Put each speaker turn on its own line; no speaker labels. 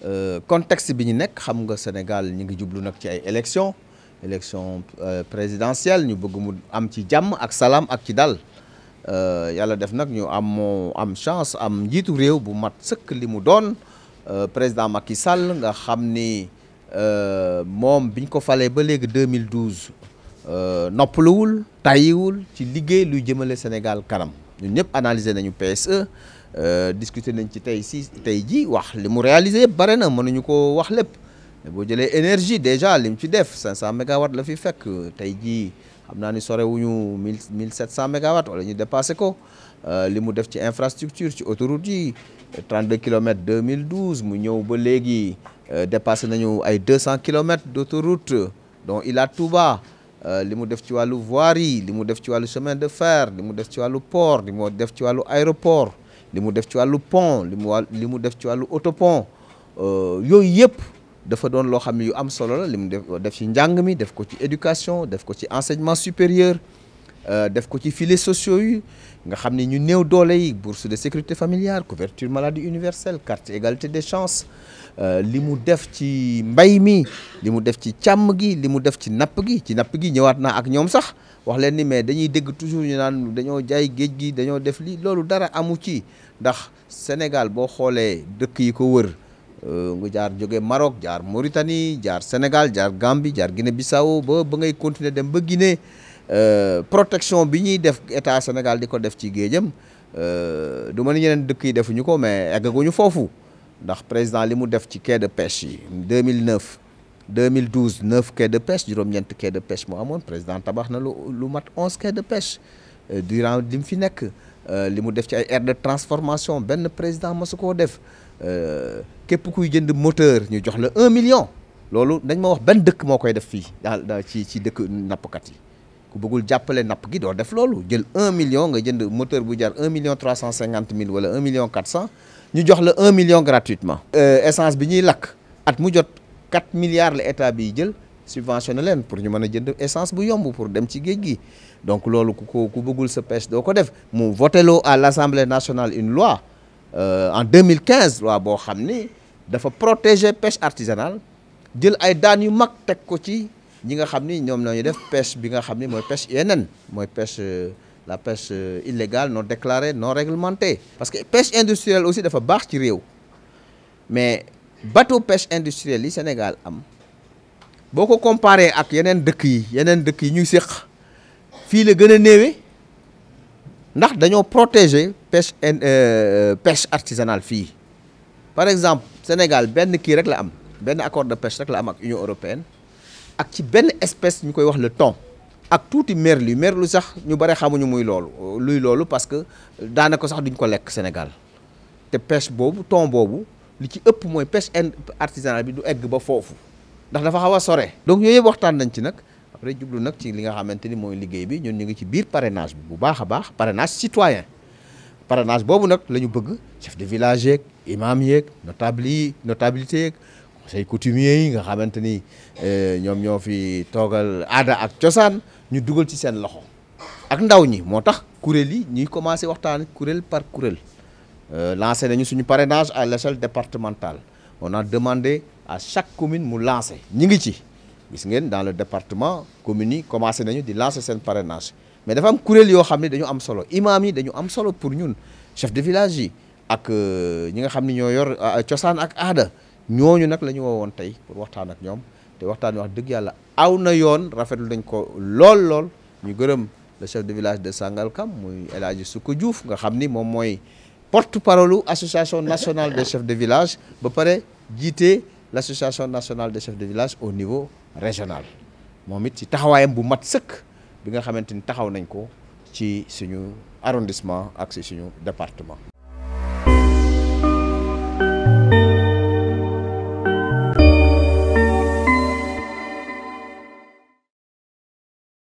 Euh, contexte bi ñu nekk xam nga Sénégal ñu ngi jublu nag ci ay élections élection euh, présidentielle ñu bëgg mu am ci jàmm ak salaam ak ci dal euh, yàlla def nag ñu am am chance am njiitu réew bu mat sëkk li mu doon président Macky Sall nga xam ni moom biñ ko falee ba léegi 2012 noppaluwul tàyyiwul ci liggéey luy jëmale Sénégal kanam ñun ñëpp analyser nañu PSE euh, discuter nañ ci tey si tey ji wax li mu réaliser yëpp bare na mënuñu ko wax lépp boo jëlee énergie déjà li mu ci def 500 mégawatts la fi fekk tey jii xam naa ni sorewuñu 1000 1700 mégawatts wala ñu dépassé ko euh, li mu def ci infrastructure ci autoroute yi 32 kilomètres 2012 mu ñëw ba léegi euh, dépassé nañu ay 200 kilomètres d' autoroute dont il a Touba Euh, li mu def ci wàllu voirie li mu def ci wàllu semaine de fer li mu def ci wàllu port li mu def ci wàllu aéroport li mu def ci wàllu pont li mu li mu def ci wàllu autopont euh, yooyu yëpp dafa doon loo xam ne yu am solo la li mu def def ci njàng mi def ko ci éducation def ko ci enseignement supérieur Euh, def ko ci file sociaux yi nga xam ne ñu néew doole yi bourse de sécurité familiale couverture maladie universelle carte égalité des chances euh, li mu def ci mbay mi li mu def ci càmm gi li mu def ci napp gi ci napp gi ñëwaat naa ak ñoom sax wax leen ni mais dañuy dégg toujours ñu naan dañoo jaay géej gi dañoo def lii loolu dara amu ci ndax Sénégal boo xoolee dëkk yi ko wër euh, nga jaar jóge Maroc jaar Mauritanie jaar Sénégal jaar Gambie jaar Guinée Bissau ba ba ngay continuer dem ba Guinée Euh, protection bi ñuy def état Sénégal di ko def ci géejam euh, du ma ñeneen dëkk yi defuñu ko mais ñu foofu ndax président li mu def ci quai de pêche yi 2009 2012 9 quai de pêche juróom-ñeent quai de pêche moo amoon président tabax na lu lu mat 11 quai de pêche euh, durant li mu fi nekk li mu def ci ay aire de transformation benn président ma su koo def képp kuy jënd moteur ñu jox la un million loolu dañ ma wax benn dëkk moo koy def fii daal ci ci dëkk nappkat yi. ku bëggul jàppale napp gi doo def loolu jël un million nga jënd moteur bu jar un million trois cent cinquante mille wala un million quatre cent ñu jox la un million gratuitement. Euh, essence bi ñuy lakk at mu jot quatre milliards la état bi jël subventionné leen pour ñu mën a jënd essence bu yomb pour dem ci géej gi donc loolu ku ko ku bëggul sa pêche doo ko def mu voteloo à l' assemblée nationale une loi euh, mille quinze loi boo xam ni dafa protéger pêche artisanale jël ay daan yu mag teg ko ci. ñi nga xam ni ñoom la ñu def pêche bi nga xam ni mooy pêche INN mooy pêche euh, la pêche euh, illégale non déclarée non réglementée parce que pêche industrielle aussi dafa baax ci réew mais bateau pêche industrielle yi Sénégal am boo ko comparé ak yeneen dëkk yi yeneen dëkk yi ñuy séq fii la gën a néewe ndax dañoo protéger pêche euh, pêche artisanale fii par exemple Sénégal benn kii rek la am benn accord de pêche rek la am ak Union européenne ak ci benn espèce ñu koy wax le thon ak tuuti merlu lu sax ñu bare xamuñu muy loolu luy loolu parce que daanaka sax duñ ko lekk Sénégal te pêche boobu thon boobu li ci ëpp mooy pêche artisanale bi du egg ba foofu ndax dafa xaw a sore donc yooyu yëpp waxtaan nañ ci nag après jublu nag ci li nga xamante ni mooy liggéey bi ñun ñu ngi ci biir parrainage bi bu baax a baax parrainage citoyen parrainage boobu nag la ñu bëgg chef de village yeeg imam yeeg notable yi notabilité yeeg say coutumier yi nga xamante ni eh, ñoom ñoo fi toogal aada ak cosaan ñu dugal ci seen loxo ak ndaw ñi moo tax kuréel yi ñuy commencé waxtaan kuréel par kuréel eh, lancé nañu suñu parrainage à l'échelle départementale on a demandé à chaque commune mu lancé ñi ngi ci gis ngeen dans le département communes yi commencé nañu di lancé seen parrainage mais dafa am kuréel yoo xam ne dañu am solo imaam yi dañu am solo pour ñun chef de village yi ak eh, ñi nga xam ne ñoo yor cosaan ak aada ñooñu nag la ñu woowoon tey pour waxtaan ak ñoom te waxtaan wax dëgg yàlla aw na yoon rafetlu nañ ko lool lool ñu gërëm le chef de village de Sangalkam muy El Hadji Soukou Diouf nga xam ni moom mooy porte-parole association nationale de chefs de village ba pare jiite l'association nationale de chef de village au niveau régional moom it ci taxawaayam bu mat sëkk bi nga xamante ni taxaw nañ ko ci suñu arrondissement ak ci suñu département